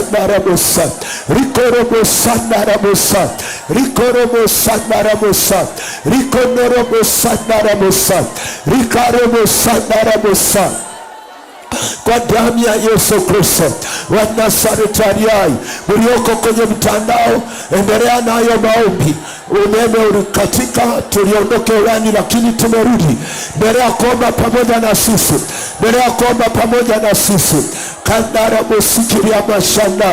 sandarabosa rikorobosandarabosa rikorobosandarabosa rikonorobosanarabosa rikarobosandarabosa kwa damu ya Yesu Kristo wa Nazareti aliai. Mlioko kwenye mtandao, endelea nayo maombi. Umeme ulikatika, tuliondoke ulani, lakini tumerudi. Endelea kuomba pamoja na sisi, endelea kuomba pamoja na sisi kandarabosikiryamashanda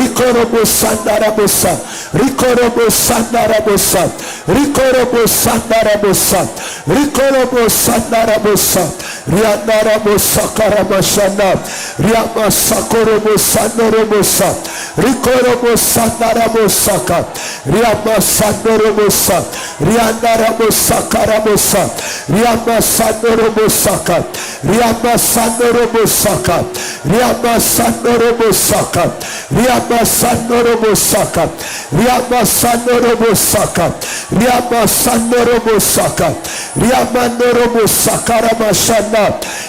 rikorobosandarabosa rikorobosandarabosa rikorobosandarabosa rikorobosandarabosa riandarabosakaramashanda sana Riyama sakoromu sanoromu sa Rikoromu sanaramu saka Riyama sanoromu sa Riyanaramu sakaramu sa Riyama sanoromu saka Riyama sanoromu saka Riyama sanoromu saka Riyama sanoromu saka Riyama sanoromu saka Riyama sanoromu saka Riyama sanoromu sakarama sana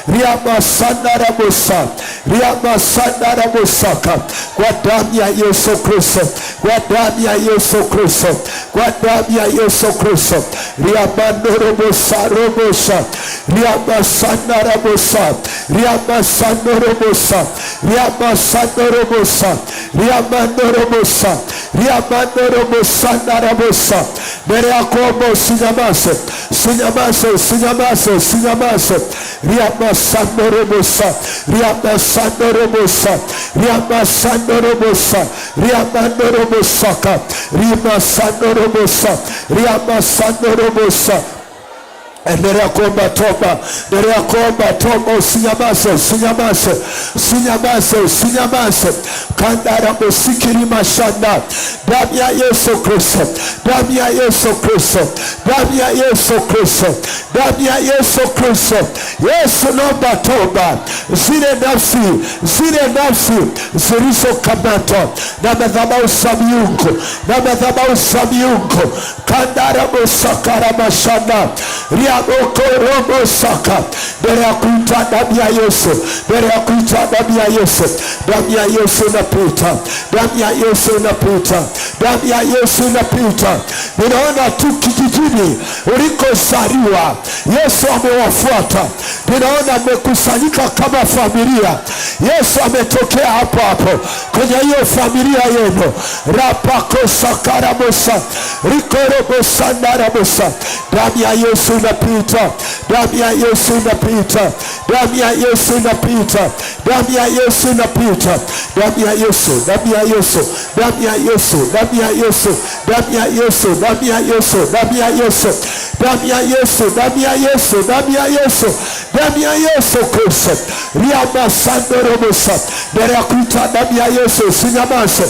Riyama sanaramu Musa riamasandara musaka kwa damu ya Yesu Kristo, kwa damu ya Yesu Kristo, kwa damu ya Yesu Kristo riamanoromosaromosa riamasandaramosa riamasandoromosa riamasandoromosa riamanoromosa riamanoromosanaramosa mbele yako Omba, usinyamaze, usinyamaze, usinyamaze, usinyamaze riamasandoromosa riamasandorobosa riamasandorobosa riamandorobosaka rimasandorobosa riamasandorobosa Endelea kuomba toba, endelea kuomba toba, usinyamaze, usinyamaze, usinyamaze, usinyamaze. mashanda damu ya Yesu Kristo, damu ya Yesu Kristo, damu ya Yesu Kristo, damu ya Yesu Kristo. Yesu, naomba toba zile nafsi, zile nafsi zilizokamatwa na madhabahu za miungu, na madhabahu za miungu. mashanda ria rabokorobosaka mbele ya kuitwa damu ya Yesu, mbele ya kuitwa damu ya Yesu, damu ya Yesu inapita, damu ya Yesu inapita, damu ya Yesu inapita. Ninaona tu kijijini ulikozaliwa Yesu amewafuata, ninaona amekusanyika kama familia. Yesu ametokea hapo hapo kwenye hiyo familia yenu rapakosakarabosa rikorobosanarabosa damu ya Yesu inapita inapita, damu ya Yesu inapita, damu ya Yesu inapita, damu ya Yesu inapita, damu ya Yesu, damu ya Yesu, damu ya Yesu, damu ya Yesu, damu ya Yesu, damu ya Yesu, damu ya Yesu, damu ya Yesu, damu ya Yesu, damu ya Yesu, damu ya Yesu Kristo, riaba sandorobosa, ya kuita damu ya Yesu sinyamaze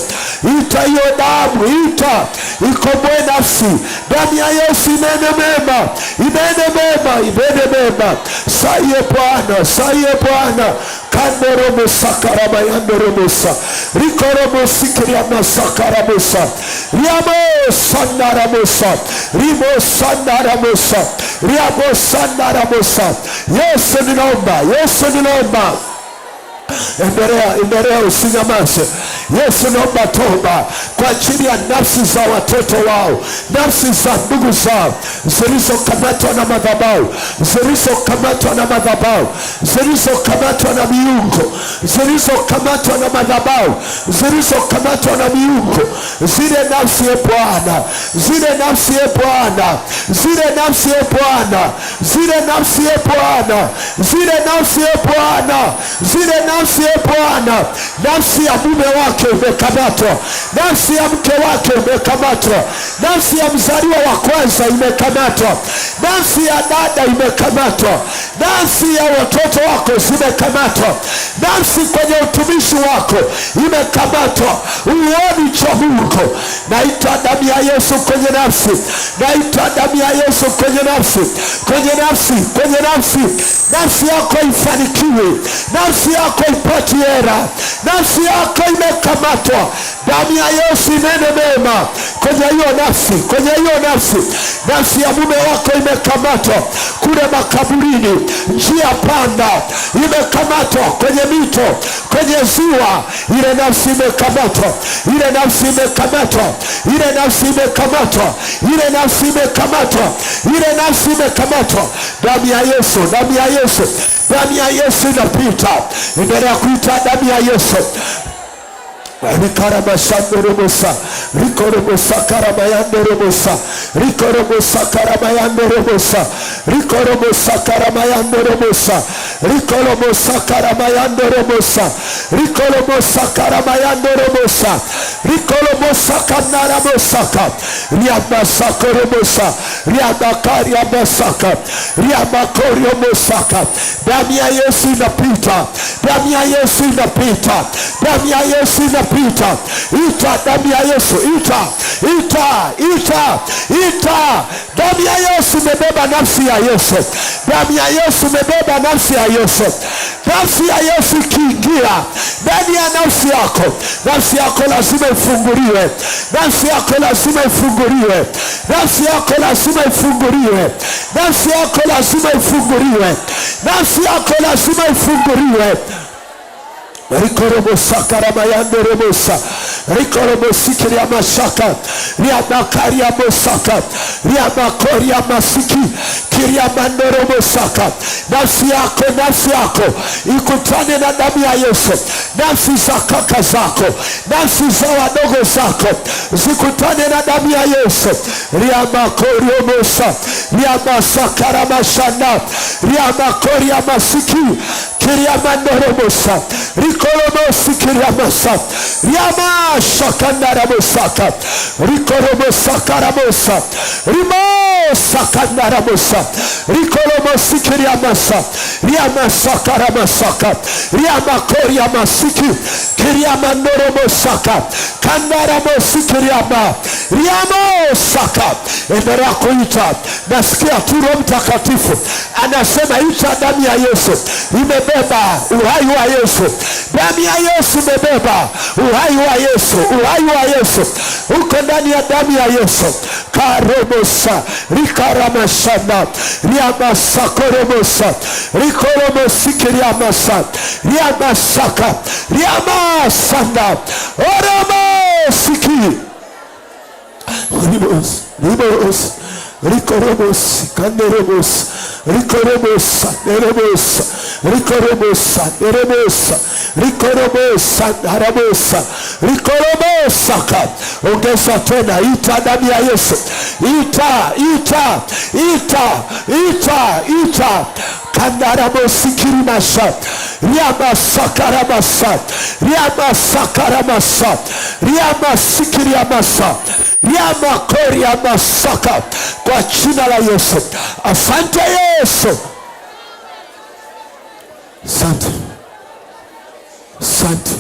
Ita hiyo damu, ita ikoboe nafsi. Damu ya Yesu inene mema, inene mema, inene mema. Saye Bwana, saye Bwana kandoromosa karabayandoromosa rikoromosikiryamasa karamosa rimosanaramosa riamosanaramosa Yesu ninaomba, Yesu ninaomba, endelea, endelea, usinyamaze. Yesu, naomba toba kwa ajili ya nafsi za watoto wao, nafsi za ndugu zao zilizokamatwa na madhabahu, zilizokamatwa na madhabahu, zilizokamatwa na miungu, zilizokamatwa na madhabahu, zilizokamatwa na miungu, zile nafsi ya ee Bwana, zile nafsi ya ee Bwana, zile nafsi ya ee Bwana, zile nafsi ya Bwana, zile nafsi ya Bwana, zile nafsi ya Bwana, nafsi ya mume wako wake umekamatwa, nafsi ya mke wake umekamatwa, nafsi ya mzaliwa wa kwanza imekamatwa, nafsi ya dada imekamatwa, nafsi ya watoto wako zimekamatwa, nafsi kwenye utumishi wako imekamatwa, uoni cha Mungu. Naitwa damu ya Yesu kwenye nafsi, naitwa damu ya Yesu kwenye nafsi, kwenye nafsi, kwenye nafsi. Nafsi yako ifanikiwe, nafsi yako ipati hera, nafsi yako imekamatwa waliokamatwa, damu ya Yesu inene mema kwenye hiyo nafsi, kwenye hiyo nafsi. Nafsi ya mume wako imekamatwa kule makaburini, njia panda imekamatwa, kwenye mito, kwenye ziwa, ile nafsi imekamatwa, ile nafsi imekamatwa, ile nafsi imekamatwa, ile nafsi imekamatwa, ile nafsi imekamatwa. Damu ya Yesu, damu ya Yesu, damu ya Yesu inapita. Endelea kuita damu ya Yesu rikaramashandorobosa rikorobosa karamayandorobosa rikorobosa karamayandorobosa rikorobosa karamayandorobosa rikorobosa karamayandorobosa rikorobosa karamayandorobosa rikorobosa kanarabosaka riamasakorobosa riamakariabasaka riamakoriobosaka damu ya Yesu inapita damu ya Yesu inapita damu ya Yesu inapita utapita. Ita damu ya Yesu, ita ita ita ita damu ya Yesu imebeba nafsi ya Yesu, damu ya Yesu imebeba nafsi ya Yesu. Nafsi ya Yesu ikiingia ndani ya nafsi yako, nafsi yako lazima ifunguliwe, nafsi yako lazima ifunguliwe, nafsi yako lazima ifunguliwe, nafsi yako lazima ifunguliwe, nafsi yako lazima ifunguliwe rikoromosaka ramayanderemosa rikoromosiki masaka riamakariamosaka riamakoriamasiki kiriamanderemosaka. Nafsi yako nafsi yako ikutane na damu ya Yesu. Nafsi za kaka zako nafsi za wadogo zako zikutane na damu ya Yesu. riamakoriomosa riamasakaramashanda riamakoriamasiki kiriamanorobosa rikorobosi kiriamasa riamashakandarabosaka rikorobosakarabosa rimasakanarabosa rikorobosi kiriamasa riamasakaramasaka riamakoriamasiki kiriamanoroboshaka kandarabosi kiriama riamosaka endelea kuita nasikia turo Roho Mtakatifu anasema ita damu ya Yesu imebe imebeba uhai wa Yesu, damu ya Yesu imebeba uhai wa Yesu, uhai wa Yesu uko ndani ya damu ya Yesu. karobosa rikaramashana riamasakorobosa rikoromosikiryamasa riamasaka riamasana oromosiki rikorebosa kanderebosa rikorebosa derebosa rikorebosa derebosa rikorebosa darabosa rikorebosa ka ongeza tena, ita damu ya Yesu, ita ita ita ita ita kanarabosikirimasha riamasakarabasa riamasakarabasa riamasikiriamasa riamakoriamasaka kwa jina la Yesu. Asante Yesu, asante asante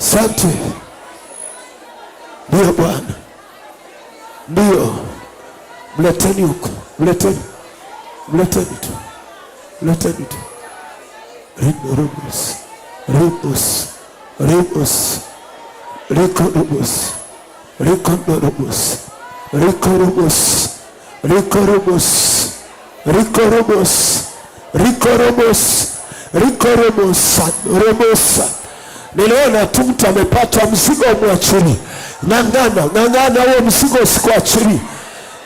asante. Ndiyo Bwana, ndiyo. Mleteni huko, mleteni Mleteni tu, mleteni tu. Ribos, ribos, ribos, rikorobos, rikorobos, rikorobos, rikorobos, rikorobos, robosa. Niliona tu mtu amepata mzigo mwachili. Ng'ang'ana, ng'ang'ana huo mzigo usikuachilie.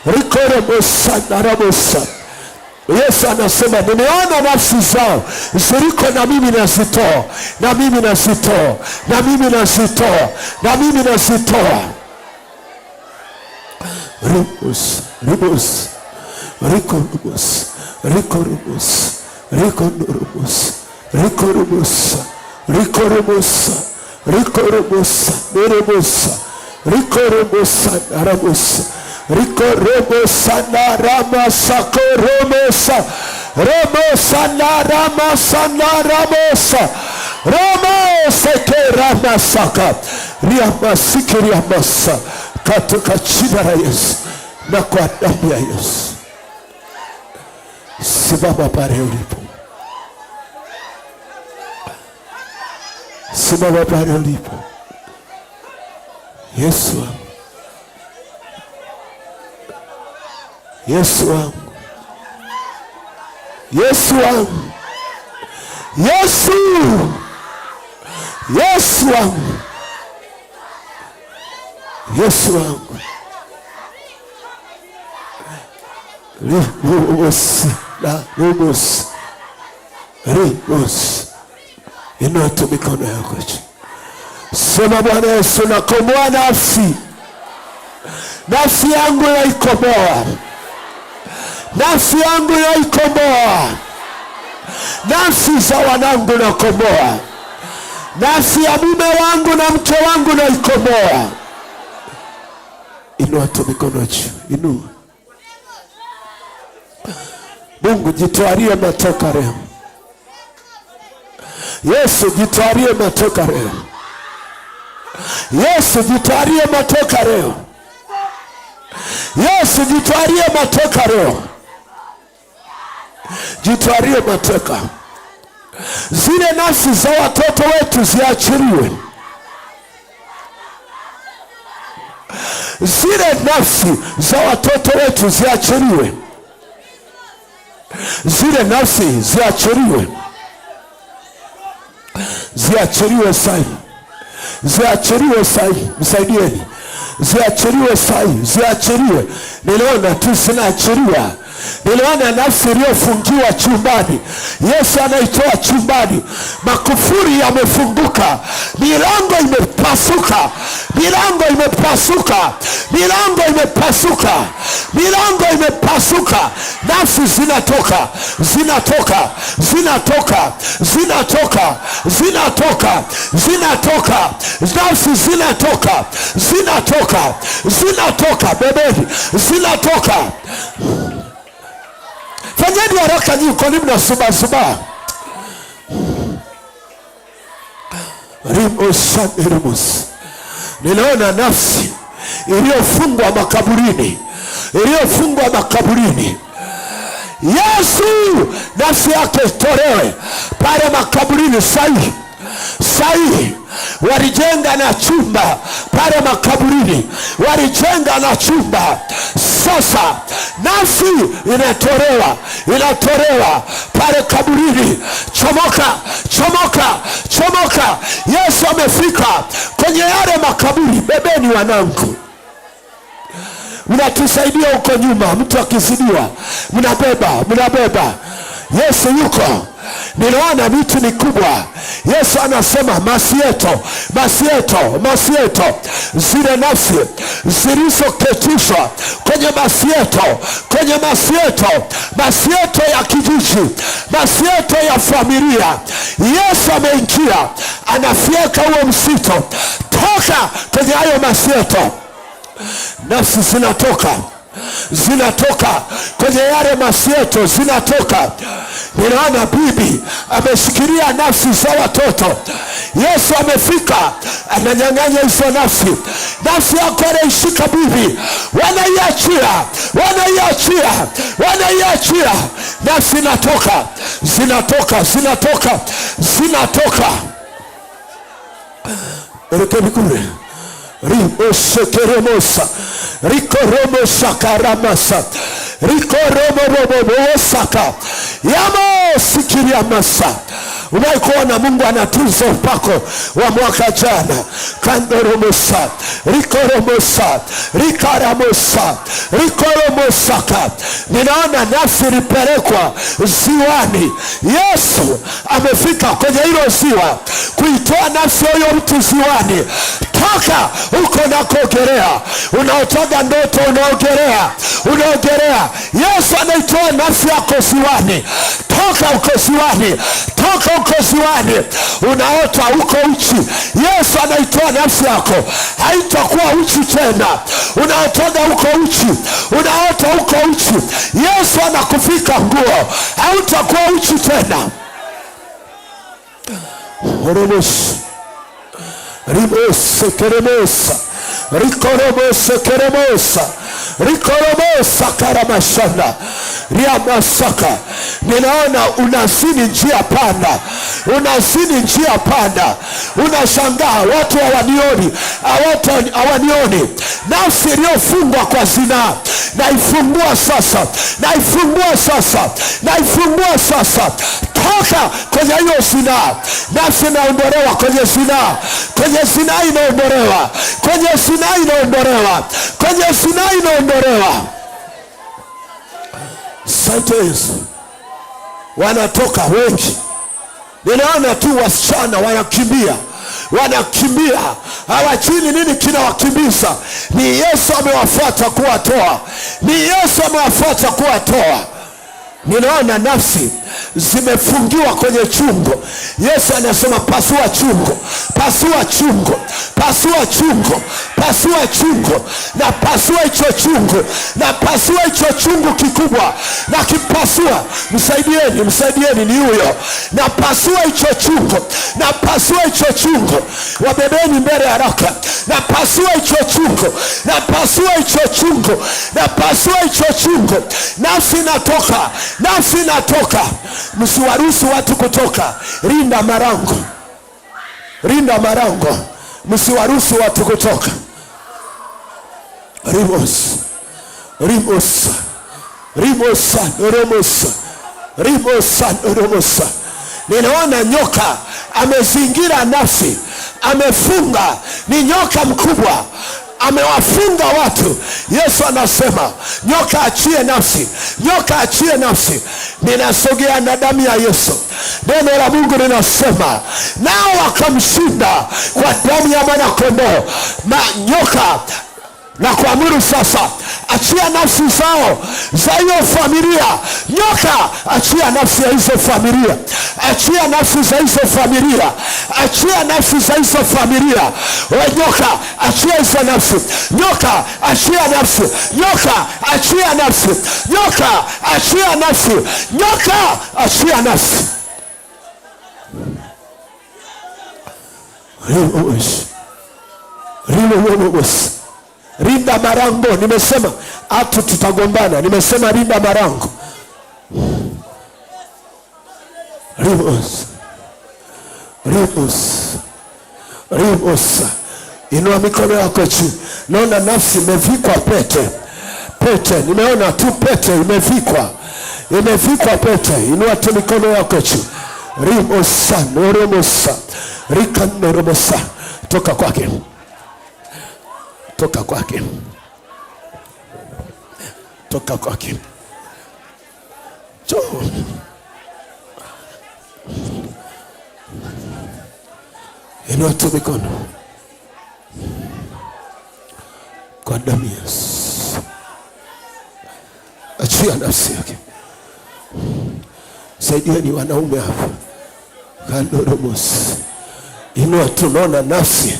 Rikorobosa na rabosa Yesu anasema nimeona nafsi zao ziliko na mimi nazitoa, na mimi nazitoa, na mimi nazitoa, na mimi nazitoa. Rumus, rumus, riko rumus, riko rumus, riko rumus, riko rumus, riko rumus, riko rumus, rumus, riko rumus, rumus rikorobo sana rama sakoromosa romo sana rama sana ramosa romo seke rama saka riamasiki riamasa katika jina la Yesu na kwa damu ya Yesu. Simama pale ulipo, simama pale ulipo Yesu. Yesu wangu, Yesu wangu, Yesu, Yesu wangu, Yesu wangu, rimosi na rimosi, Inua tu mikono yako juu, sema Bwana Yesu, nakomoa nafsi, nafsi yangu naikomboa nafsi yangu naikomboa, nafsi za wanangu nakomboa, nafsi ya mume wangu na mke wangu naikomboa. Inua tu mikono juu, inua. Mungu jitwarie matoka leo. Yesu jitwarie matoka leo. Yesu jitwarie matoka leo. Yesu jitwarie matoka leo jitwarie mateka. Zile nafsi za watoto wetu ziachiliwe, zile nafsi za watoto wetu ziachiliwe, zile nafsi ziachiliwe, ziachiliwe sai, ziachiliwe sai, msaidieni, ziachiliwe sai, ziachiliwe. Niliona tu zinaachiliwa Niliona nafsi iliyofungiwa chumbani, Yesu anaitoa chumbani. Makufuri yamefunguka, milango imepasuka, milango imepasuka, milango imepasuka, milango imepasuka. Nafsi zinatoka, zinatoka, zinatoka, zinatoka, zinatoka, zinatoka, nafsi zinatoka, zinatoka, zinatoka, bebeni, zinatoka. Fanyeni haraka nyinyi, kwani mnasubasubaa? Rimoshanirimus, niliona nafsi iliyofungwa makaburini, iliyofungwa makaburini Yesu nafsi yake itolewe pale makaburini. sai sai walijenga na chumba pale makaburini, walijenga na chumba sasa nafsi inatolewa, inatolewa pale kaburini. Chomoka, chomoka, chomoka! Yesu amefika kwenye yale makaburi. Bebeni wanangu, mnatusaidia huko nyuma, mtu akizidiwa mnabeba, mnabeba. Yesu yuko Niliona miti mikubwa. Yesu anasema masieto, masieto, masieto, zile nafsi zilizoketishwa kwenye masieto, kwenye masieto, masieto ya kijiji, masieto ya familia. Yesu ameingia, anafyeka huo msito, toka kwenye hayo masieto, nafsi zinatoka zinatoka kwenye yale masieto, zinatoka. Ninaona bibi ameshikilia nafsi za watoto. Yesu amefika, ananyang'anya hizo nafsi. Nafsi yako anaishika bibi, wanaiachia, wanaiachia, wanaiachia, nafsi inatoka, zinatoka, zinatoka, zinatoka rekebikure rimosekeremosa rikoromosakaramasa rikoromobobowosaka yamosikiriamasa Umewahi kuona Mungu anatunza upako wa mwaka jana? kandoromosa rikoromosa rikaramosa rikoromosaka. Ninaona nafsi ilipelekwa ziwani. Yesu amefika kwenye hilo ziwa kuitoa nafsi ya huyo mtu ziwani unaotoka huko nakuogerea unaotaga ndoto, unaogelea, unaogelea. Yesu anaitoa nafsi yako siwani toka uko siwani toka uko siwani unaota uko uchi. Yesu anaitoa nafsi yako, haitakuwa uchi tena. Unaotaga huko uchi, unaota huko uchi, Yesu anakufika nguo, hautakuwa uchi tena ribose keremosa rikoromose keremosa rikoromosa karamashana riamasaka. Ninaona unazini njia panda, unazini njia panda, unashangaa watu hawanioni, hawanioni. Nafsi iliyofungwa kwa zinaa naifungua sasa, naifungua sasa, naifungua sasa Toka kwenye hiyo zinaa, nafsi inaondolewa kwenye zinaa, kwenye zinaa inaondolewa, kwenye zinaa inaondolewa, kwenye zinaa inaondolewa. Sante Yesu, wanatoka wengi. Ninaona tu wasichana wanakimbia, wanakimbia, hawachini nini kinawakimbiza. Ni Yesu amewafuata kuwatoa, ni Yesu amewafuata kuwatoa. Ninaona nafsi zimefungiwa kwenye chungo. Yesu anasema pasua chungo, pasua chungo, pasua chungo, pasua chungo, na pasua hicho chungo, na pasua hicho chungo kikubwa, na kipasua. Msaidieni, msaidieni, ni huyo. Na pasua hicho chungo, na pasua hicho chungo, wabebeni mbele haraka. Na pasua hicho chungo, na pasua hicho chungo, na pasua hicho chungo. Nafsi natoka, nafsi natoka msiwaruhusu watu kutoka. Rinda marango, rinda marango, msiwaruhusu watu kutoka. rimos rimos rimos rimos, rimos rimos. Ninaona nyoka amezingira nafsi, amefunga. Ni nyoka mkubwa amewafunga watu. Yesu anasema nyoka achie nafsi, nyoka achie nafsi. Ninasogea na damu ya Yesu. Neno la Mungu linasema nao wakamshinda kwa damu ya mwana kondoo na nyoka, na kuamuru sasa achia nafsi zao za hiyo familia. Nyoka, achia nafsi ya hizo familia, achia nafsi za hizo familia, achia nafsi za hizo familia. We nyoka, achia hizo nafsi. Nyoka, achia nafsi. Nyoka, achia nafsi. Nyoka, achia nafsi. Nyoka, achia nafsi. Rilowesi, rilowolowesi Rinda marango, nimesema hatu tutagombana, nimesema rinda marango Rimos. Rimos. Rimos. Inua mikono yako juu. Naona nafsi imevikwa pete, pete. Nimeona tu pete imevikwa, imevikwa pete. Inua tu mikono yako juu. Rimosa noromosa rikanoromosa toka kwake Toka kwake, toka kwake, njoo Inua tu mikono kwa damu ya Yesu, achia nafsi yake. Saidia ni wanaume hapa, kandoromos. Inua tu, naona nafsi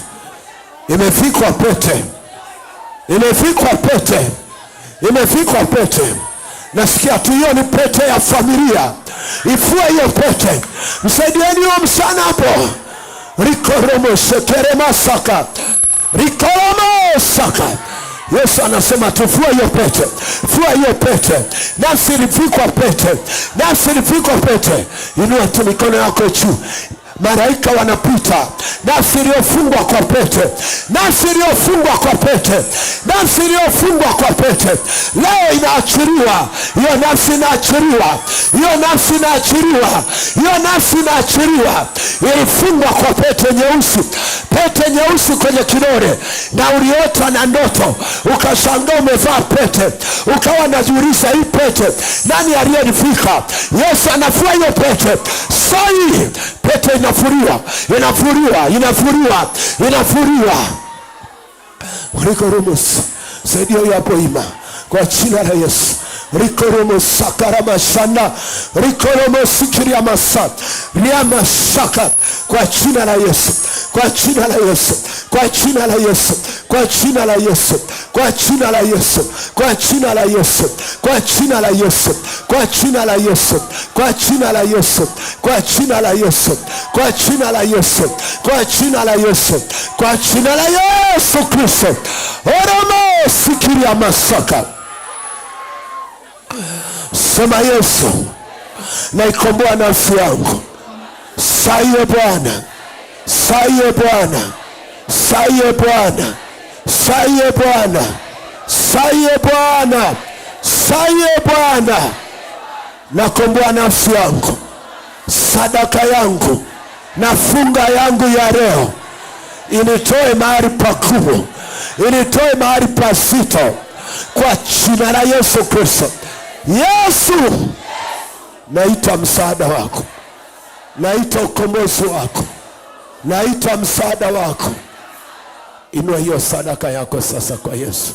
imefikwa pote imefikwa pete, imevikwa pete. Nasikia tu hiyo ni pete ya familia. Ifua hiyo pete, msaidieni huyo msana hapo. rikoromosekeremasaka rikoromosaka Yesu anasema tufua hiyo pete, fua hiyo pete. nafsi ilifikwa pete, nafsi ilifikwa pete. Inua tu mikono yako juu. Malaika wanapita, nafsi iliyofungwa kwa pete, nafsi iliyofungwa kwa pete, nafsi iliyofungwa kwa pete leo inaachiliwa. Hiyo nafsi inaachiliwa, hiyo nafsi inaachiliwa, hiyo nafsi inaachiliwa, ilifungwa kwa pete nyeusi pete nyeusi kwenye kidole, na uliota na ndoto ukashangaa umevaa pete, ukawa najiuliza hii pete nani aliyenifika? Yesu anafua hiyo pete sai, pete inafuriwa, inafuriwa, inafuriwa, inafuriwa mliko rumus. Saidia yapo ima kwa jina la Yesu rikoromosakarabashana rikoromosikiryamasa ryamashaka kwa jina la Yesu, kwa jina la Yesu, kwa jina la Yesu, kwa jina la Yesu, kwa jina la Yesu, kwa jina la Yesu, kwa jina la Yesu, kwa jina la Yesu, kwa jina la Yesu, kwa jina la Yesu, kwa jina la Yesu, kwa jina la Yesu, kwa jina la Yesu Kristo oromo masaka Sema Yesu, naikomboa nafsi yangu saiye Bwana, saiye Bwana, saiye Bwana, saiye Bwana, saiye Bwana, saiye Bwana, nakomboa nafsi yangu, sadaka yangu na funga yangu ya leo initoe mahali pakubwa, initoe mahali pasito, kwa jina la Yesu Kristo. Yesu, naita msaada wako, naita ukombozi wako, naita msaada wako. Inua hiyo sadaka yako sasa kwa Yesu.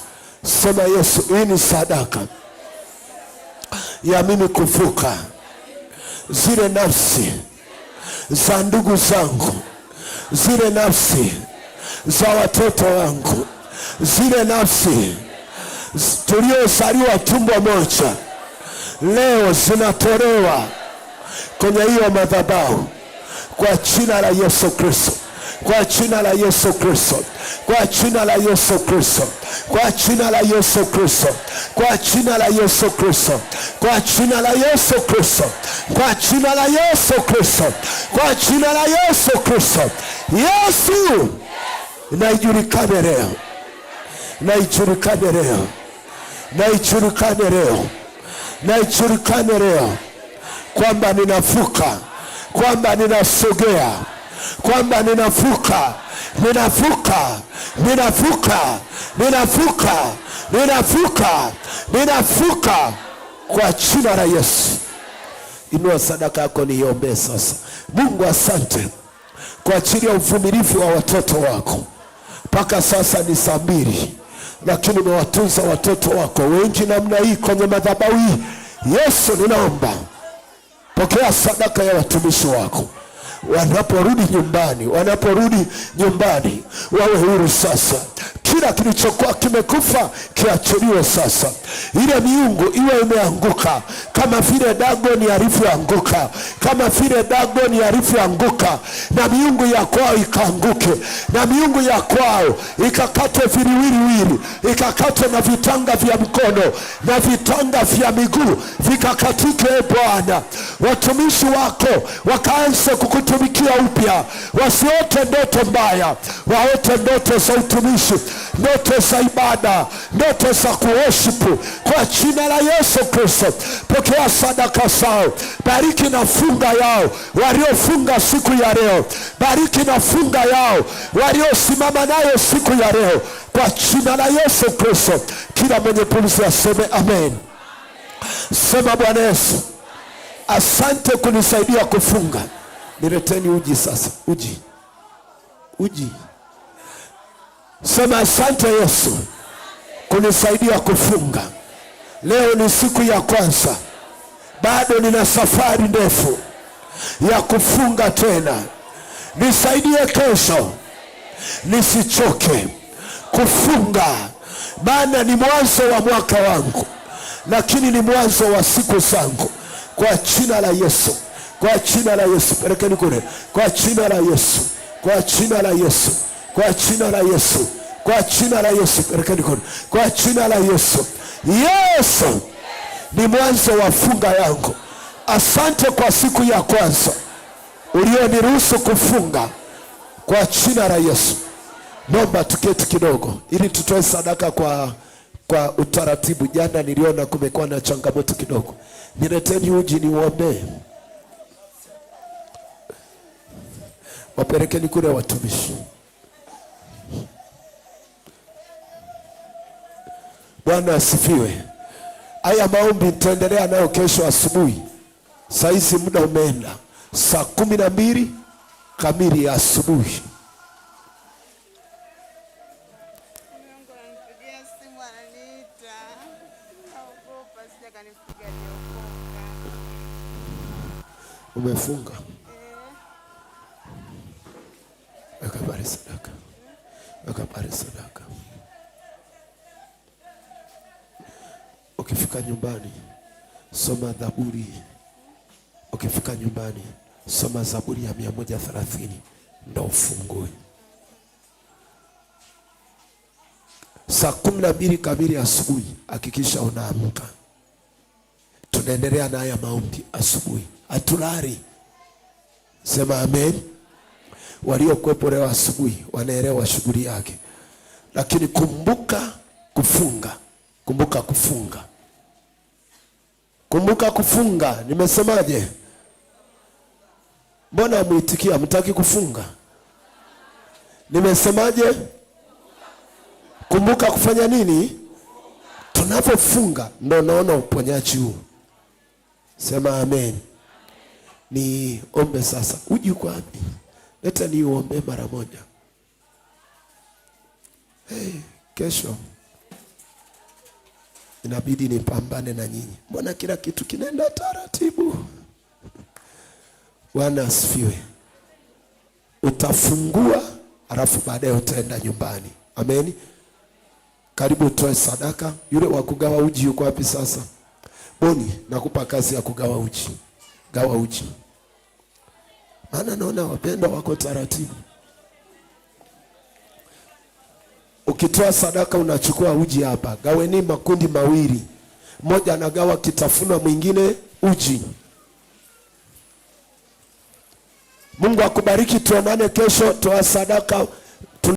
Sema Yesu, hii ni sadaka ya mimi kuvuka zile nafsi za ndugu zangu, zile nafsi za watoto wangu, zile nafsi tuliozaliwa tumbo moja leo zinatolewa kwenye hiyo madhabahu kwa jina la Yesu Kristo, kwa jina la Yesu Kristo, kwa jina la Yesu Kristo, kwa jina la Yesu Kristo, kwa jina la Yesu Kristo, kwa jina la Yesu Kristo, kwa jina la Yesu Kristo, kwa jina la Yesu Kristo. Yesu naijulikane leo, naijulikane leo, naijulikane leo na ijulikane leo kwamba ninafuka kwamba ninasogea, kwamba ninafuka ninafuka ninafuka ninafuka ninafuka ninafuka kwa jina la Yesu. Inua sadaka yako niiombee sasa. Mungu, asante kwa ajili ya uvumilivu wa watoto wako mpaka sasa. Ni saa mbili lakini umewatunza watoto wako wengi namna hii kwenye madhabahu hii. Yesu, ninaomba pokea sadaka ya watumishi wako wanaporudi nyumbani, wanaporudi nyumbani wawe huru sasa kila kilichokuwa kimekufa kiachiliwe sasa. Ile miungu iwe imeanguka kama vile Dagoni alivyoanguka, kama vile Dagoni alivyoanguka, na miungu ya kwao ikaanguke, na miungu ya kwao ikakatwe viliwiliwili, ikakatwe na vitanga vya mkono na vitanga vya miguu vikakatike. E Bwana, watumishi wako wakaanze kukutumikia upya, wasiote ndoto mbaya, waote ndoto za utumishi ndoto za ibada, ndoto za kuoshipu kwa jina la Yesu Kristo. Pokea sadaka zao, bariki na funga yao waliofunga siku ya leo, bariki na funga yao waliosimama nayo siku ya leo kwa jina la Yesu Kristo. Kila mwenye pumzi aseme amen. Sema Bwana Yesu, asante kunisaidia kufunga. Nileteni uji sasa, uji uji. Sema asante Yesu kunisaidia kufunga. Leo ni siku ya kwanza, bado nina safari ndefu ya kufunga tena. Nisaidie kesho nisichoke kufunga, maana ni mwanzo wa mwaka wangu, lakini ni mwanzo wa siku zangu, kwa jina la Yesu, kwa jina la Yesu. Pelekeni kule, kwa jina la Yesu, kwa jina la Yesu kwa jina la Yesu, kwa jina la Yesu, katika kwa jina la Yesu. Yesu ni mwanzo wa funga yangu. Asante kwa siku ya kwanza ulioniruhusu kufunga, kwa jina la Yesu. nomba tuketi kidogo, ili tutoe sadaka kwa kwa utaratibu. Jana niliona kumekuwa na changamoto kidogo. Nileteni uji niuombee, wapelekeni kule watumishi. Bwana asifiwe. Haya maombi nitaendelea nayo kesho asubuhi, saa hizi muda umeenda, saa kumi na mbili kamili ya asubuhi. Umefunga akapare sadaka, sadaka. Ukifika nyumbani soma Zaburi, ukifika nyumbani soma Zaburi ya mia moja thelathini ndo ufungue. Saa kumi na mbili kamili asubuhi hakikisha unaamka. Tunaendelea na haya maombi asubuhi, hatulali. Sema amen. Waliokuwepo leo asubuhi wanaelewa shughuli yake, lakini kumbuka kufunga Kumbuka kufunga, kumbuka kufunga. Nimesemaje? Mbona mwitikia, mtaki kufunga? Nimesemaje? Kumbuka kufanya nini? Tunapofunga ndo naona uponyaji huu. Sema amen. Ni ombe sasa. Uji kwa wapi? Leta niuombe mara moja. Hey, kesho inabidi nipambane na nyinyi. Mbona kila kitu kinaenda taratibu? Bwana asifiwe. Utafungua alafu baadaye utaenda nyumbani. Amen. Karibu utoe sadaka. Yule wa kugawa uji yuko wapi sasa? Boni, nakupa kazi ya kugawa uji. Gawa uji, maana naona wapendwa wako taratibu. Ukitoa sadaka unachukua uji hapa, gaweni makundi mawili, moja anagawa kitafuna, mwingine uji. Mungu akubariki, tuonane kesho. Toa sadaka